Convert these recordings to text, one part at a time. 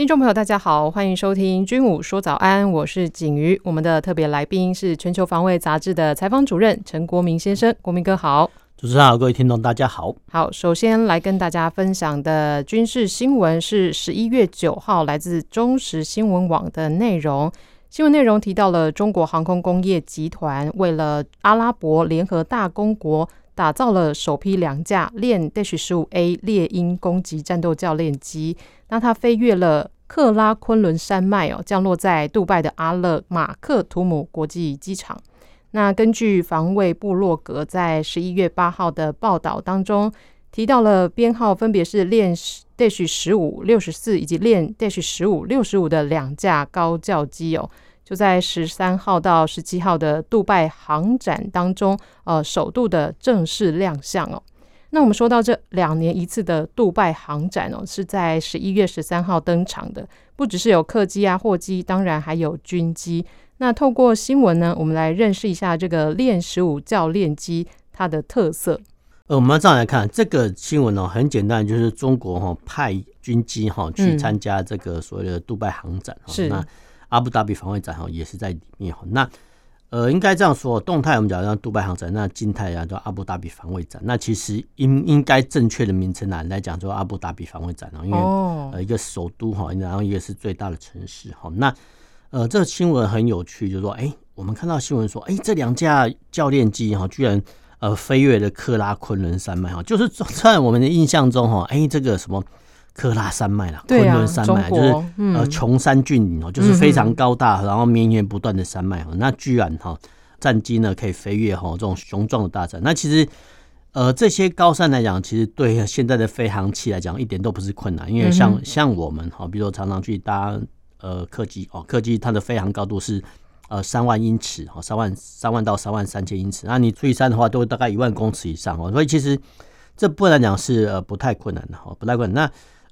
聽眾朋友，大家好，歡迎收聽《軍武說早安》，我是景瑜。我們的特別來賓是《全球防衛雜誌》的採訪主任陳國銘先生，國銘哥好。主持人好，各位聽眾大家好。好，首先來跟大家分享的軍事新聞是十一月九號來自中時新聞網的內容。新聞內容提到了中國航空工業集團為了阿拉伯聯合大公國。打造了首批兩架練 Dash 十五 A 獵鷹攻擊戰鬥教練機，那它飛越了克拉崑崙山脈哦，降落在杜拜的阿勒馬克圖姆國際機場。那根據防衛部落格在十一月八號的報道當中提到了編號分別是練 Dash 十五六十四以及練 Dash 十五六十五的兩架高教機哦。就在十三號到十七號的杜拜航展當中，呃，首度的正式亮相哦。那我們說到這兩年一次的杜拜航展哦，是在十一月十三號登場的，不只是有客機啊、貨機，當然還有軍機。那透過新聞呢，我們來認識一下這個練十五教練機它的特色。呃，我們這樣來看這個新聞呢、哦，很簡單，就是中國哈、哦、派軍機哈、哦、去參加這個所謂的杜拜航展、哦嗯、是阿布達比防衛展哈也是在裡面哈，那呃應該這樣說，動態我們講像杜拜航展，那靜態講就阿布達比防衛展，那其實應應該正確的名稱啊來講，說阿布達比防衛展哦，因為、呃、一個首都哈，然後一個是最大的城市哈、oh. 嗯，那呃這個、新聞很有趣，就是說哎、欸，我們看到新聞說，哎、欸、這兩架教練機哈，居然呃飛越了喀喇崑崙山脈哈，就是在我們的印象中哈，哎、欸、這個什麼。科拉山脈、啊、崑崙山脈就是、嗯、呃，窮山峻嶺哦，就是非常高大，然後綿延不斷的山脈、嗯、那居然哈、哦，戰機呢可以飛越哈、哦、這種雄壯的大山。那其實呃，這些高山來講，其實對現在的飛行器來講，一點都不是困難。因為像、嗯、像我們哈，比如說常常去搭呃客機哦，客機它的飛行高度是呃三萬英尺三、哦、萬三萬到三萬三千英尺。那你一山的話，都大概一萬公尺以上哦。所以其實這部分來講是呃不太困難的哈、哦，不太困難。那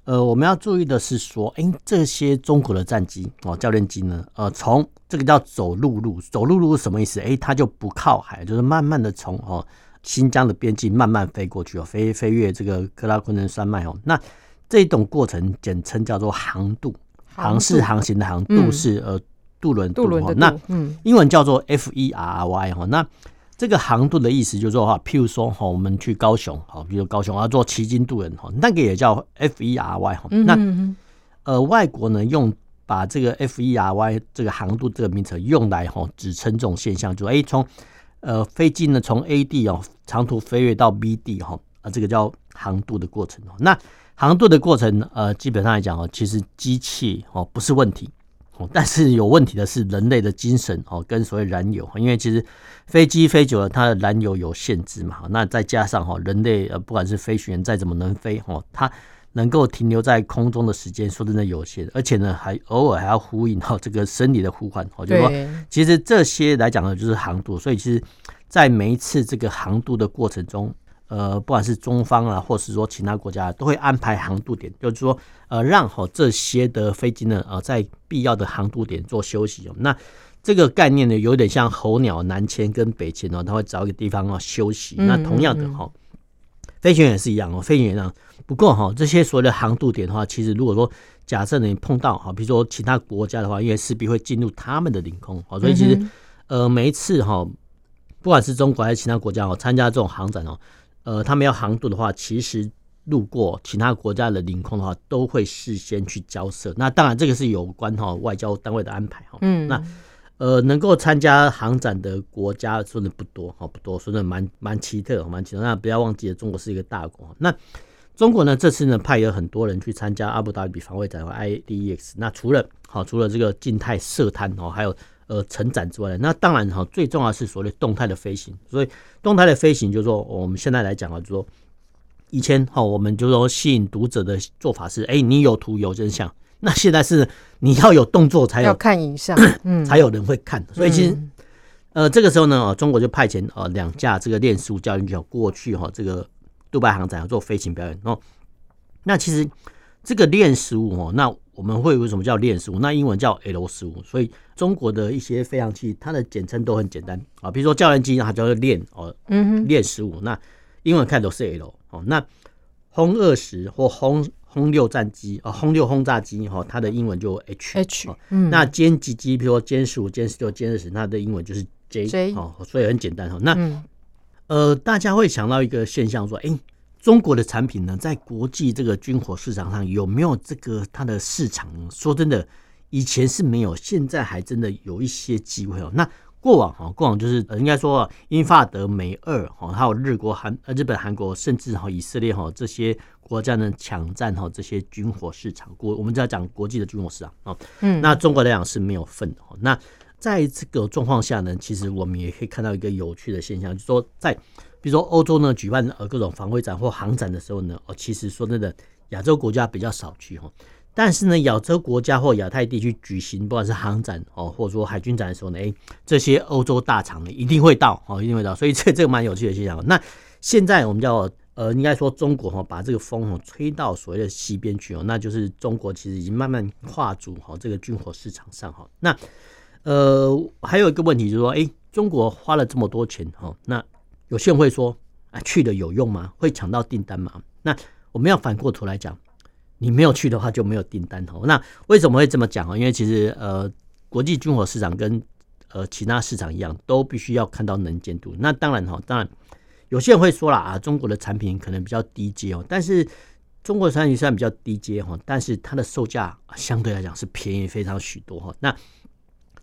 呃，我們要注意的是說，誒，這些中國的戰機哦，教練機呢，呃，從這個叫走陸路，路，走陸路，路是什麼意思？誒，它就不靠海，就是慢慢的從哦新疆的邊境慢慢飛過去哦，飛飛越這個喀喇崑崙山脈哦，那這一種過程簡稱叫做航渡，航、渡航是航行的航，渡、嗯、是呃渡輪，渡輪的、哦嗯、那英文叫做 ferry 哈、哦、那。這個航渡的意思就是說哈，譬如說哈，我們去高雄哈，比如高雄要做旗津渡人，哈，那個也叫 ferry 哈。那呃，外國呢用把這個 ferry 這個航渡這個名稱用來哈指稱這種現象，就欸從呃飛機呢從 A 地哦長途飛越到 B 地哈啊，這個叫航渡的過程。那航渡的過程呃，基本上來講哦，其實機器哦不是問題。但是有問題的是人類的精神哦，跟所謂燃油，因為其實飛機飛久了，它的燃油有限制嘛。那再加上哈，人類呃，不管是飛行員再怎麼能飛哦，它能夠停留在空中的時間，說真的有限。而且呢，還偶爾還要呼應到這個生理的呼喚哦，就是說其實這些來講呢，就是航渡。所以其實，在每一次這個航渡的過程中。呃，不管是中方啊，或是說其他國家，都會安排航渡點，就是說，呃，讓好這些的飛機呢，呃，在必要的航渡點做休息、喔。那這個概念呢，有點像候鳥南遷跟北遷哦，他會找一個地方哦休息。那同樣的哈、喔，飛行員也是一樣哦、喔，飛行員啊，不過哈、喔，這些所謂的航渡點的話，其實如果說假設你碰到哈、喔，比如說其他國家的話，因為勢必會進入他們的領空。好，所以其實呃，每一次哈、喔，不管是中國還是其他國家哦，參加這種航展哦、喔。呃，他們要航渡的話，其實路過其他國家的領空的話，都會事先去交涉。那當然，這個是有關哈外交單位的安排哈。嗯，那呃，能夠參加航展的國家說的不多哈，不多，說的蠻蠻奇特，蠻奇特。那不要忘記了，中國是一個大國。那中國呢，這次呢派有很多人去參加阿布達比防衛展和 IDEX。那除了好，除了這個靜態設攤哦，還有。呃，成長之外的，那當然哈、哦，最重要的是所謂動態的飛行。所以動態的飛行就是說，我們現在來講啊，就說以前哈、哦，我們就是說吸引讀者的做法是，哎、欸，你有圖有真相。那現在是你要有動作才有看影像、嗯，才有人會看。所以其實、嗯、呃，這個時候呢，哦，中國就派遣呃兩架這個練 -15 教練機過去哈，這個杜拜航展要做飛行表演哦。那其實。這個練十五哦，那我們會為什麼叫練十五？那英文叫 L 十五，所以中國的一些飛行器，它的簡稱都很簡單啊。比如說教練機，它叫練哦，嗯，練十五。那英文看都是 L 哦。那轟二十或轟轟六戰機啊，轟六轟炸機哈，它的英文就 H, H、嗯。H，那殲擊機，譬如說殲十五、殲十六、殲二十，它的英文就是 J。J 哦，所以很簡單哦。那、嗯、呃，大家會想到一個現象說，說哎。中國的產品呢，在國際這個軍火市場上有沒有這個它的市場？說真的，以前是沒有，現在還真的有一些機會哦。那過往哈，過往就是應該說英法德美二哈，2，還有日國韓日本韓國，甚至哈以色列哈這些國家呢，搶占哈這些軍火市場國。我們就要講國際的軍火市場，嗯，那中國來講是沒有份的。那在這個狀況下呢，其實我們也可以看到一個有趣的現象，就是說在。比如說歐洲呢舉辦呃各種防衛展或航展的時候呢，哦，其實說真的，亞洲國家比較少去哈。但是呢，亞洲國家或亞太地區舉行不管是航展哦，或者說海軍展的時候呢，哎、欸，這些歐洲大廠呢一定會到哦，一定會到。所以這個、這個蠻有趣的現象。那現在我們叫呃，應該說中國哈把這個風哦吹到所謂的西邊去哦，那就是中國其實已經慢慢跨足哈這個軍火市場上哈。那呃還有一個問題就是說，哎、欸，中國花了這麼多錢哈，那有些人會說：“啊，去的有用嗎？會搶到訂單嗎？”那我們要反過頭來講，你沒有去的話就沒有訂單。哦，那為什麼會這麼講？因為其實呃，國際軍火市場跟呃其他市場一樣，都必須要看到能見度。那當然哈，當然有些人會說了啊，中國的產品可能比較低階哦。但是中國的產品雖然比較低階哈，但是它的售價相對來講是便宜非常許多哈。那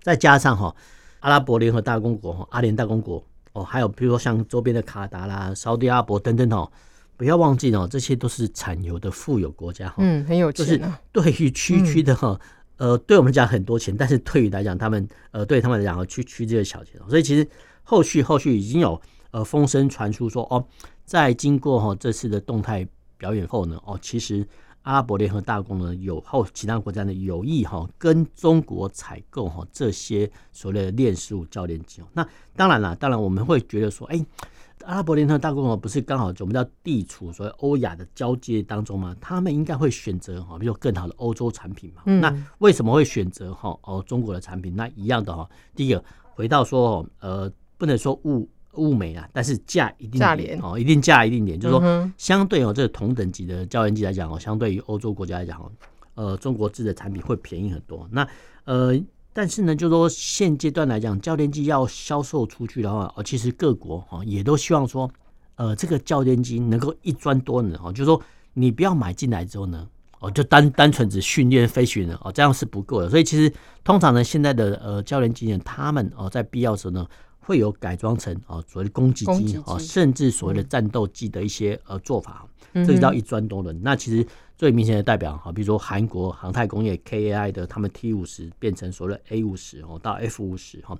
再加上哈，阿拉伯聯合大公國哈，阿聯大公國。哦，還有比如說像周邊的卡達啦、沙地阿伯等等哦，不要忘記哦，這些都是產油的富有國家。嗯，很有錢啊。就是、對於區區的哈、嗯，呃，對我們講很多錢，但是對於來講，他們呃，對他們來講，區區這個小錢。所以其實後續後續已經有呃風聲傳出說，哦，在經過這次的動態表演後呢，哦，其實。阿拉伯聯合大公呢，有還其他國家的有意哈跟中國採購哈這些所謂的練十五教練機、哦，那當然了，當然我們會覺得說，哎、欸，阿拉伯聯合大公國不是剛好我們叫地處所謂歐亞的交界當中嗎？他們應該會選擇哈、哦，比如說更好的歐洲產品嘛、嗯。那為什麼會選擇哈哦，哦中國的產品？那一樣的哈、哦，第一個回到說、哦、呃，不能說物。物美啊，但是價一定廉、哦、一定價一定廉、嗯，就是說，相對哦，這個同等級的教練機來講，相對於歐洲國家來講、呃、中國製的產品會便宜很多。那、呃、但是呢，就是說現階段來講，教練機要銷售出去的話、呃、其實各國、呃、也都希望說，呃、這個教練機能夠一專多能、呃、就是說，你不要買進來之後呢，呃、就單單純只訓練飛行員、呃、這樣是不夠的。所以其實通常呢，現在的、呃、教練機他們、呃、在必要時候呢。會有改裝成啊所謂的攻擊機啊，甚至所謂的戰鬥機的一些呃做法，嗯、這個叫一專多能、嗯。那其實最明顯的代表哈，比如說韓國航太工業 KAI 的他們 T 五十變成所謂 A 五十哦到 F 五十哈，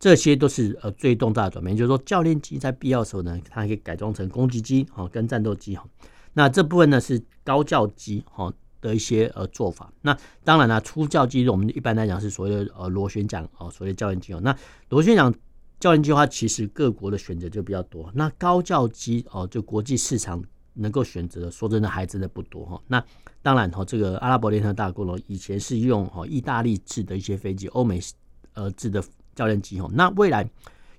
這些都是呃最重大轉變，就是說教練機在必要的時候呢，它可以改裝成攻擊機哈跟戰鬥機哈。那這部分呢是高教機哈的一些呃做法。那當然了、啊，初教機我們一般來講是所謂的螺旋槳哦所謂教練機哦，那螺旋槳。教練機的話，其實各國的選擇就比較多。那高教機哦，就國際市場能夠選擇，說真的還真的不多哈、哦。那當然哈、哦，這個阿拉伯聯合大公國以前是用哦意大利制的一些飛機、歐美呃制的教練機哦。那未來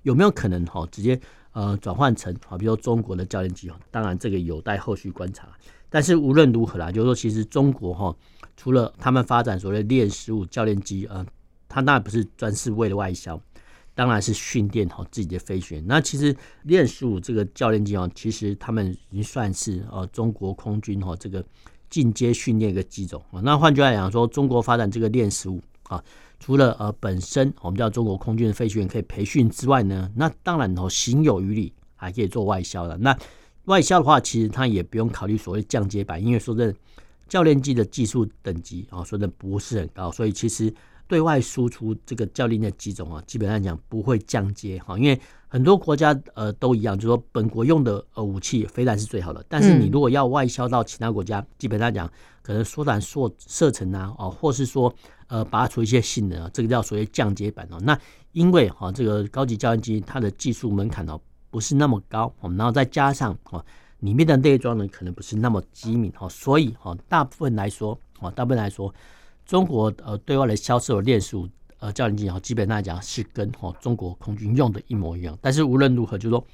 有沒有可能、哦、直接呃轉換成比如說中國的教練機哦？當然這個有待後續觀察。但是無論如何啦，就是說其實中國哈、哦、除了他們發展所謂練十五教練機啊，它那不是專是為了外銷。當然是訓練好自己的飛行員。那其實練十五這個教練機哦,其實他們已經算是哦中國空軍哈這個進階訓練的機種。那換句話講說，中國發展這個練十五除了呃本身我們叫中國空軍的飛行員可以培訓之外呢，那當然哦，行有餘力還可以做外銷的。那外銷的話，其實他也不用考慮所謂降階版，因為說這教練機的技術等級啊，說的不是很高，所以其實。對外輸出這個教練的機種啊，基本上講不會降階哈，因為很多國家呃都一樣，就是說本國用的呃武器飛彈是最好的，但是你如果要外銷到其他國家，嗯、基本上講可能縮短射射程啊，哦、啊、或是說呃拔除一些性能，啊、這個叫所謂降階版啊。那因為哈、啊、這個高級教練機它的技術門檻呢、啊、不是那麼高，啊、然後再加上啊裡面的內裝呢可能不是那麼機敏哈、啊，所以哈大部分來說啊大部分來說。啊大部分來說中國呃對外的銷售的練十五呃教練機啊，基本上來講是跟哦中國空軍用的一模一樣。但是無論如何，就是說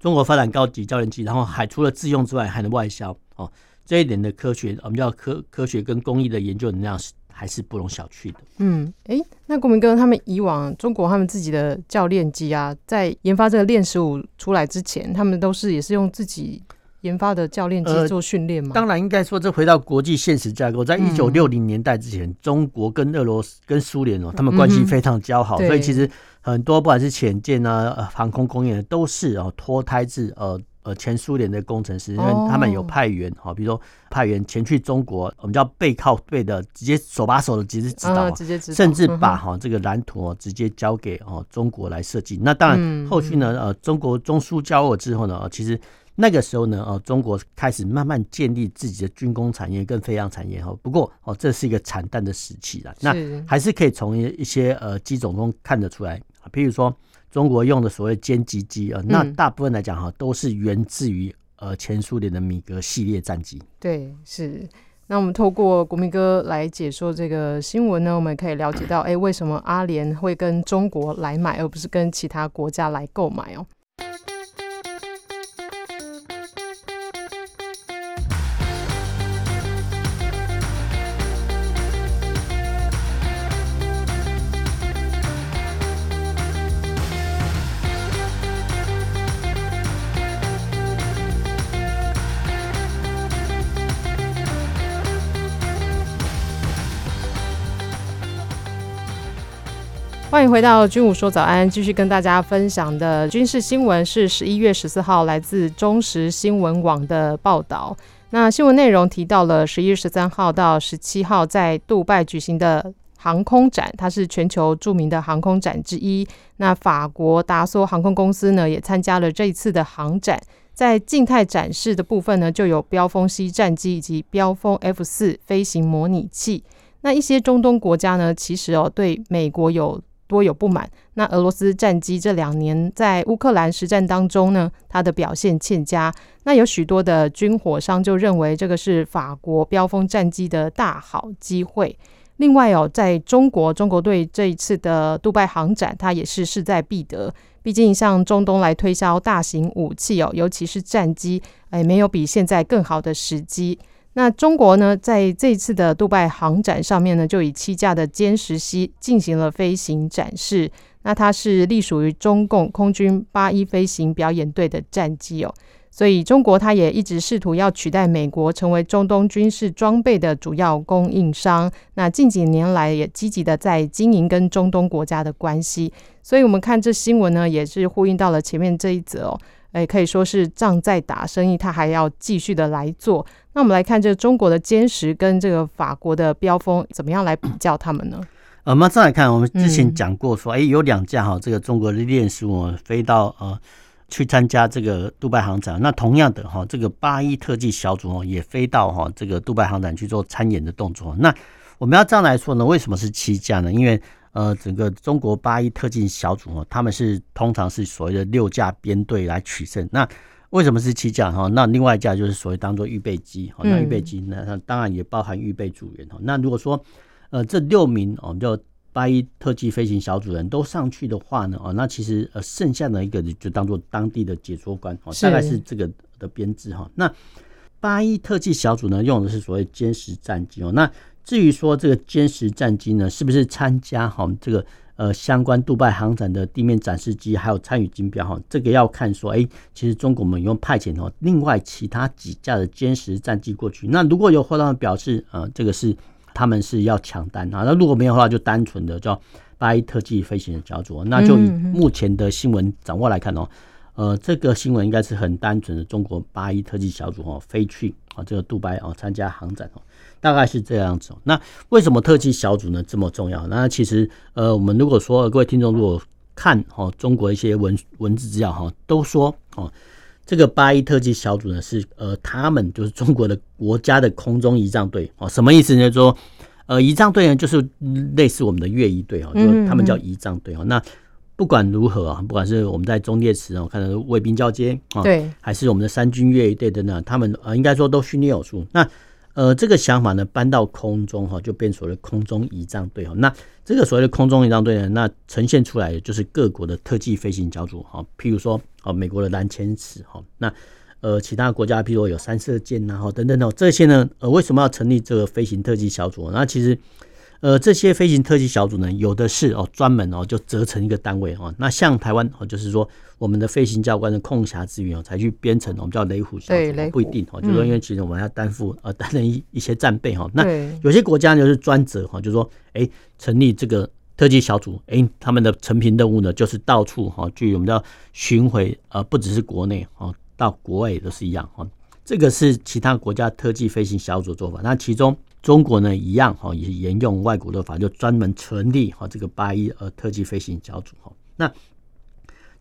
中國發展高級教練機，然後還除了自用之外還能外銷哦，這一點的科學，我們叫科科學跟工藝的研究能量是還是不容小覷的。嗯，哎、欸，那國銘哥他們以往中國他們自己的教練機啊，在研發這個練十五出來之前，他們都是也是用自己。研發的教練機做訓練嘛？當然，應該說這回到國際現實架構，在一九六零年代之前，嗯、中國跟俄羅斯、跟蘇聯哦，他們關係非常交好、嗯，所以其實很多不管是潛艦啊、航空工業的都是哦、喔、脫胎自呃呃前蘇聯的工程師、哦，因為他們有派員哈、喔，比如說派員前去中國，我們叫背靠背的，直接手把手的直接指導、啊、直接指導，直接甚至把哈、喔嗯、這個藍圖哦、喔、直接交給哦、喔、中國來設計。那當然後續呢，嗯嗯呃，中國中蘇交惡之後呢，其實。那個時候呢，哦，中國開始慢慢建立自己的軍工產業跟飛航產業哈。不過哦，這是一個慘淡的時期了。那還是可以從一些呃機種中看得出來啊。譬如說中國用的所謂殲擊機啊，那大部分來講哈，都是源自於呃前蘇聯的米格系列戰機。對，是。那我們透過國銘哥來解說這個新聞呢，我們可以了解到，哎、 欸，為什麼阿聯會跟中國來買，而不是跟其他國家來購買哦？歡迎回到軍武說早安，繼續跟大家分享的軍事新聞是十一月十四號來自中時新聞網的報道那新聞內容提到了十一月十三號到十七號在杜拜舉行的航空展，它是全球著名的航空展之一。那法國達索航空公司呢也參加了這一次的航展，在靜態展示的部分呢就有飆風 C 戰機以及飆風 F 四飛行模擬器。那一些中東國家呢其實哦對美國有多有不滿，那俄羅斯戰機這兩年在烏克蘭實戰當中呢，它的表現欠佳。那有許多的軍火商就認為這個是法國飆風戰機的大好機會。另外哦，在中國，中國對這一次的杜拜航展，它也是勢在必得。畢竟向中東來推銷大型武器哦，尤其是戰機，哎，沒有比現在更好的時機。那中國呢，在這次的杜拜航展上面呢，就以七架的殲十 C 進行了飛行展示。那它是隸屬於中共空軍八一飛行表演隊的戰機哦。所以中國它也一直試圖要取代美國，成為中東軍事裝備的主要供應商。那近幾年來也積極地在經營跟中東國家的關係。所以，我們看這新聞呢，也是呼應到了前面這一則哦。哎、欸，可以說是仗在打，生意他還要繼續的來做。那我們來看這中國的殲十跟這個法國的飆風，怎麼樣來比較他們呢？呃、嗯，馬、嗯嗯嗯啊、上來看，我們之前講過說，哎、欸，有兩架哈，這個中國的練十五哦，飛到呃去參加這個杜拜航展。那同樣的哈、啊，這個八一特技小組哦，也飛到哈、啊、這個杜拜航展去做參演的動作。那我們要這樣來說呢？為什麼是七架呢？因為呃，整個中國八一特技小組哈，他們是通常是所謂的六架編隊來取勝。那為什麼是七架哈？那另外一架就是所謂當做預備機，哈，那預備機那、嗯、當然也包含預備組員哈。那如果說呃這六名我們叫八一特技飛行小組人都上去的話呢，哦，那其實呃剩下的一個就當做當地的解說官，哦，大概是這個的編制哈。那八一特技小組呢用的是所謂殲十戰機哦，那。至於說這個殲十戰機呢，是不是參加哈這個呃相關杜拜航展的地面展示機，還有參與競標哈？這個要看說，哎、欸，其實中國我們用派遣哦，另外其他幾架的殲十戰機過去。那如果有夥伴表示，呃，這個是他們是要搶單啊，那如果沒有的話就的，就單純的叫八一特技飛行的小組。那就以目前的新聞掌握來看哦、嗯嗯，呃，這個新聞應該是很單純的，中國八一特技小組哦飛去啊這個杜拜啊參加航展哦。大概是這樣子。那為什麼特技小組呢，這麼重要？那其實，呃，我們如果說各位聽眾如果看哈、哦、中國一些文文字資料哈、哦，都說哦，這個八一特技小組呢，是呃他們就是中國的國家的空中儀仗隊哦。什麼意思呢？就是、說呃儀仗隊呢，就是類似我們的樂儀隊哦，就他們叫儀仗隊哦。嗯嗯，那不管如何啊，不管是我們在忠烈祠我看到衛兵交接啊、哦，對，還是我們的三軍樂儀隊的呢，他們、呃、應該說都訓練有素。那呃，這個想法呢，搬到空中哈、哦，就變成了空中儀仗隊哈。那這個所謂的空中儀仗隊呢，那呈現出來的就是各國的特技飛行小組哈、哦。譬如說，呃、哦，美國的藍天使哈，那呃，其他國家譬如說有三色箭啊、哦、等等等、哦、這些呢，呃，為什麼要成立這個飛行特技小組？那其實。呃，這些飛行特技小組呢，有的是哦，專門哦就折成一個單位哦。那像台灣哦，就是說我們的飛行教官的空暇之餘哦，才去編成，我們叫雷虎小組，不一定哦。就是、說因為其實我們要擔負、嗯、呃擔任一一些戰備哈、哦。那有些國家就是專責哈、哦，就是、說哎、欸、成立這個特技小組，哎、欸、他們的成平任務呢就是到處哈、哦，就我們叫巡回，呃不只是國內哦，到國外也都是一樣哈、哦。這個是其他國家特技飛行小組的做法。那其中。中國呢，一樣哈，也是沿用外國的法，就專門成立哈這個八一呃特技飛行小組哈。那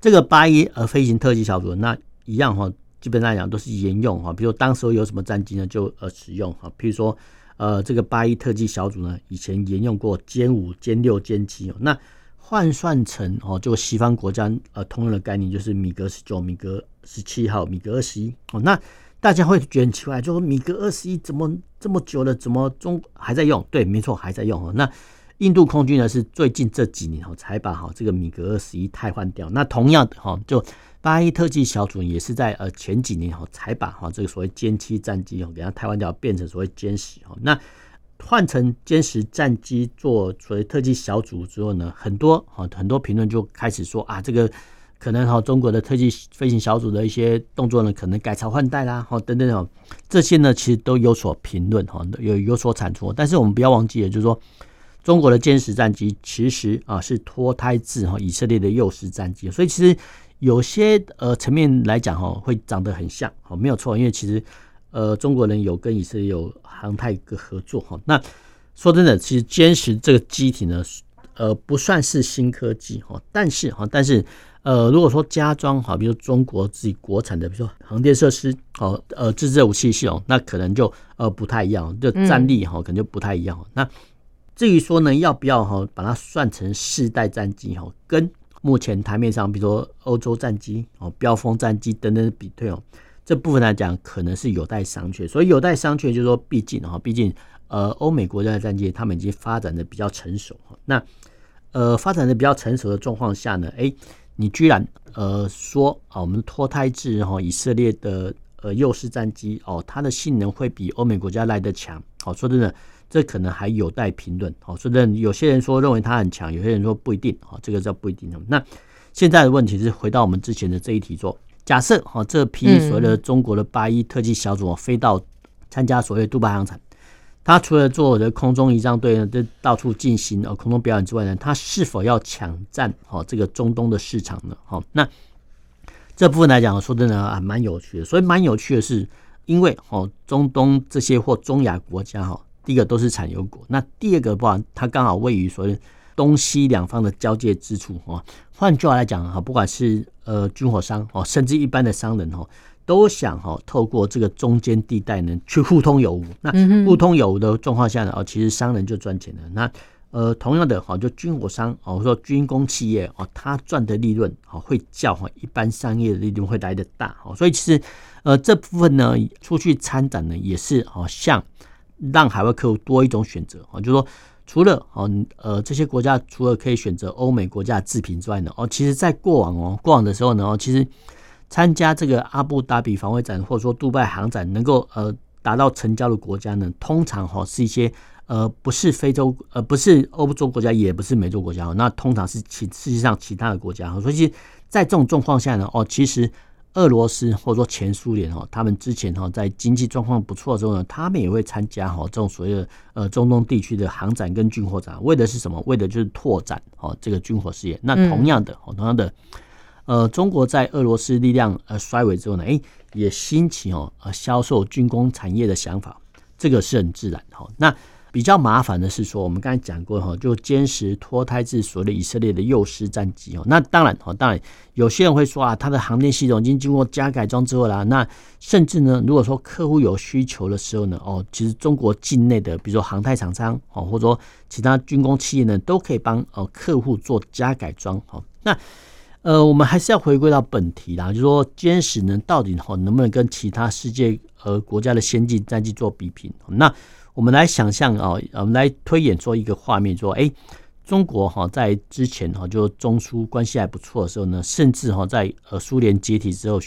這個八一呃飛行特技小組，那一樣哈，基本上來講都是沿用哈。比如說，當時候有什麼戰機呢，就呃使用哈。比如說，呃這個八一特技小組呢，以前沿用過殲五、殲六、殲七。那換算成哦，就西方國家呃通用的概念，就是米格十九、米格十七號、米格二十一哦。那大家會覺得奇怪，就說米格二十一怎麼這麼久了，怎麼中還在用？對，沒錯，還在用。那印度空軍呢，是最近這幾年才把哈這個米格二十一汰換掉。那同樣的哈，就八一特技小組也是在呃前幾年才把哈這個所謂殲七戰機哦給它汰換掉，變成所謂殲十哦。那換成殲十戰機做所謂特技小組之後呢，很多啊很多評論就開始說啊，這個可能哈、哦、中國的特技飛行小組的一些動作呢，可能改朝換代啦，哦等等哦，這些呢其實都有所評論哈，有有所產出。但是我們不要忘記，也就是說，中國的殲十戰機其實啊是脫胎自哈、哦、以色列的幼獅戰機，所以其實有些呃層面來講哈、哦，會長得很像哦，沒有錯，因為其實。呃，中國人有跟以色列有航太個合作哈。那說真的，其實殲十這個機體呢，呃，不算是新科技哈。但是哈，但是呃，如果說加裝哈，比如說中國自己國產的，比如說航電設施哦，呃，自製武器系統，那可能就呃不太一樣，就戰力哈可能就不太一樣。嗯、那至於說呢，要不要哈把它算成世代戰機哈，跟目前台面上，比如說歐洲戰機哦，飆風戰機等等的比對哦。這部分來講，可能是有待商榷。所以有待商榷，就是說畢竟，畢竟哈，畢竟呃，歐美國家的戰機，他們已經發展得比較成熟，那呃，發展得比較成熟的狀況下呢，哎，你居然呃說啊，我們脫胎製、啊、以色列的呃幼獅戰機哦、啊，它的性能會比歐美國家來得強。好、啊，說真的，這可能還有待評論。好、啊，說真的，有些人說認為它很強，有些人說不一定。好、啊，這個叫不一定。啊、那現在的問題是，回到我們之前的這一題做。假設哈這批所謂的中國的八一特技小組啊飛到參加所謂的杜拜航展，他除了做我的空中儀仗隊呢，這到處進行呃空中表演之外呢，他是否要搶佔哈這個中東的市場呢？哈，那這部分來講說真的啊蠻有趣的。所以蠻有趣的是，因為哦中東這些或中亞國家哈，第一個都是產油國，那第二個吧，它剛好位於所謂。東西兩方的交界之處啊，換句話來講哈，不管是呃軍火商哦，甚至一般的商人哦，都想哈透過這個中間地帶呢去互通有無。那互通有無的狀況下呢，哦，其實商人就賺錢了。那呃同樣的哈，就軍火商哦，或說軍工企業哦，他賺的利潤哦會較哈一般商業的利潤會來得大。所以其實呃這部分呢出去參展呢也是好像讓海外客戶多一種選擇啊，就是說。除了哦呃這些國家，除了可以選擇歐美國家的製品之外呢，哦，其實，在過往哦過往的時候呢，哦，其實參加這個阿布達比防衛展或者說杜拜航展能，能夠呃達到成交的國家呢，通常哈是一些呃不是非洲呃不是歐洲國家，也不是美洲國家，那通常是其世界上其他的國家。所以，在這種狀況下呢，哦，其實。俄羅斯或者說前蘇聯哈，他們之前哈在經濟狀況不錯的時候呢，他們也會參加哈這種所謂的呃中東地區的航展跟軍火展，為的是什麼？為的就是拓展哦這個軍火事業。那同樣的哦，同樣的，呃，中國在俄羅斯力量呃衰微之後呢，哎、欸，也興起哦呃銷售軍工產業的想法，這個是很自然的哈。那比較麻煩的是說，我們剛才講過哈，就殲十脫胎自所謂的以色列的幼獅戰機哦。那當然哦，當然有些人會說啊，它的航電系統已經經過加改裝之後啦。那甚至呢，如果說客戶有需求的時候呢，哦，其實中國境內的比如說航太廠商或者說其他軍工企業呢，都可以幫哦客戶做加改裝。那呃，我們還是要回歸到本題啦，就是說殲十呢，到底能不能跟其他世界呃國家的先進戰機做比拼？那我們來想象啊，我們來推演說一個畫面說，說、欸、哎，中國哈在之前哈就中蘇關係還不錯的時候呢，甚至哈在呃蘇聯解體之後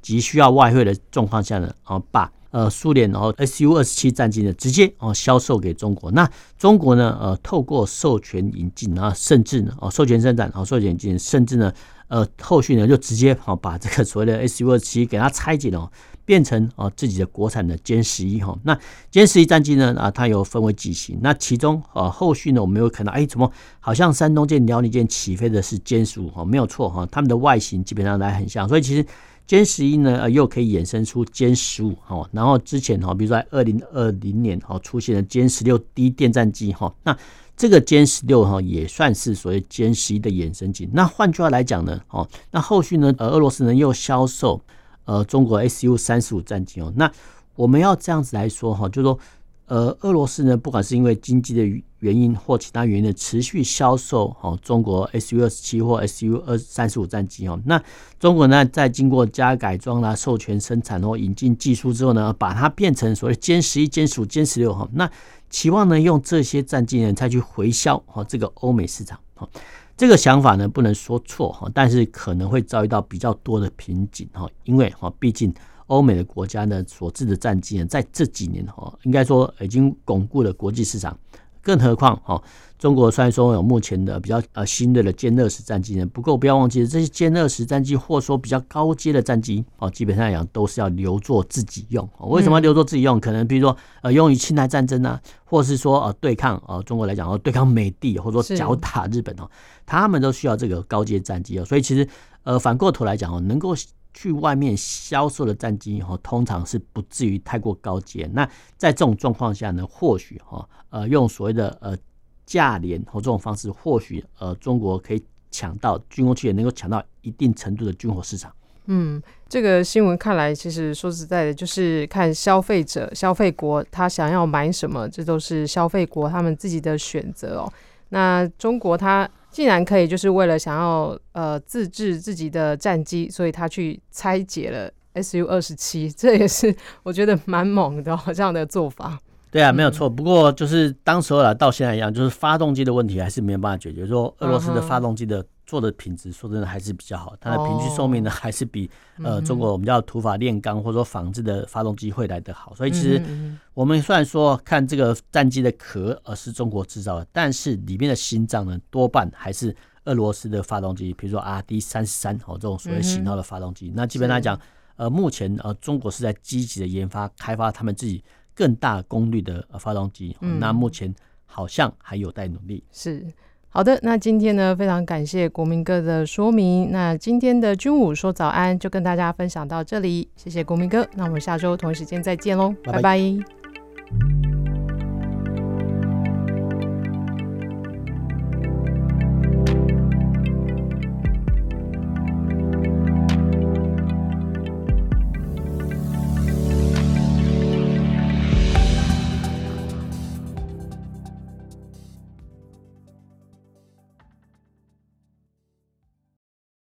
急需要外匯的狀況下呢，然後把呃蘇聯然後 SU 二十七戰機呢直接哦銷售給中國，那中國呢呃透過授權引進啊，甚至呢哦授權生產，然後授權引進，甚至呢。授權生呃，後續呢就直接哦把這個所謂的 s u 二七給它拆解了，變成哦自己的國產的殲十一哈。那殲十一戰機呢啊，它有分為幾型？那其中啊，後續呢我們又看到，哎、欸，怎麼好像山東艦、遼寧艦起飛的是殲十五哈？沒有錯哈，他們的外形基本上來很像，所以其實殲十一呢又可以衍生出殲十五哦。然後之前哈，比如說二零二零年哦出現了殲十六 D 電戰機哈，那。這個殲十六哈，也算是所謂殲十一的衍生機。那換句話來講呢，哦，那後續呢，俄羅斯呢又銷售呃中國 S U 三十五戰機哦。那我們要這樣子來說哈，就說呃俄羅斯呢，不管是因為經濟的原因或其他原因的持續銷售中國 S U 二十七或 S U 二三十五戰機。那中國呢，在經過加改裝啦、授權生產或引進技術之後呢，把它變成所謂殲十一、殲十五、殲十六哈。那希望呢，用這些戰機呢，再去回銷哈、哦、這個歐美市場哈、哦，這個想法呢不能說錯哈、哦，但是可能會遭遇到比較多的瓶頸哈、哦，因為哈畢、哦、竟歐美的國家呢所製的戰機呢，在這幾年哈、哦、應該說已經鞏固了國際市場。更何況哦，中國雖然說有目前的比較呃新的的殲二十戰機呢，不過不要忘記這些殲二十戰機，或說比較高階的戰機哦，基本上來講都是要留作自己用。哦、為什麼要留作自己用？嗯、可能比如說呃用於侵台戰爭呢、啊，或是說呃對抗哦、呃，中國來講哦、呃、對抗美帝，或者說腳打日本哦，他們都需要這個高階戰機哦。所以其實呃反過頭來講哦，能夠。去外面銷售的戰機哈，通常是不至於太過高階。那在這種狀況下呢，或許哈、哦，呃，用所謂的呃價廉和、哦、這種方式，或許呃，中國可以搶到軍工企業能夠搶到一定程度的軍火市場。嗯，這個新聞看來，其實說實在的，就是看消費者、消費國他想要買什麼，這都是消費國他們自己的選擇哦。那中國它，竟然可以，就是為了想要呃自制自己的戰機，所以它去拆解了 s 二十七，這也是我覺得蠻猛的這樣的做法。對啊，沒有錯。不過就是當時啊、嗯，到現在一樣，就是發動機的問題還是沒有辦法解決，說俄羅斯的發動機的。Uh -huh. 做的品質說真的還是比較好，它的平均壽命呢、哦、還是比呃中國我們叫土法煉鋼或者說仿制的發動機會來得好。所以其實我們雖然說看這個戰機的殼而、呃、是中國制造的，但是裡面的心臟呢多半還是俄羅斯的發動機，比如說 RD 三十三、哦、好這種所謂型號的發動機、嗯。那基本上來講，呃，目前呃中國是在積極的研發開發他們自己更大功率的呃發動機、哦，那目前好像還有待努力。嗯、是。好的，那今天呢，非常感謝國銘哥的說明。那今天的軍武說早安就跟大家分享到這裡，謝謝國銘哥。那我們下周同一時間再見嘍，拜拜。拜拜。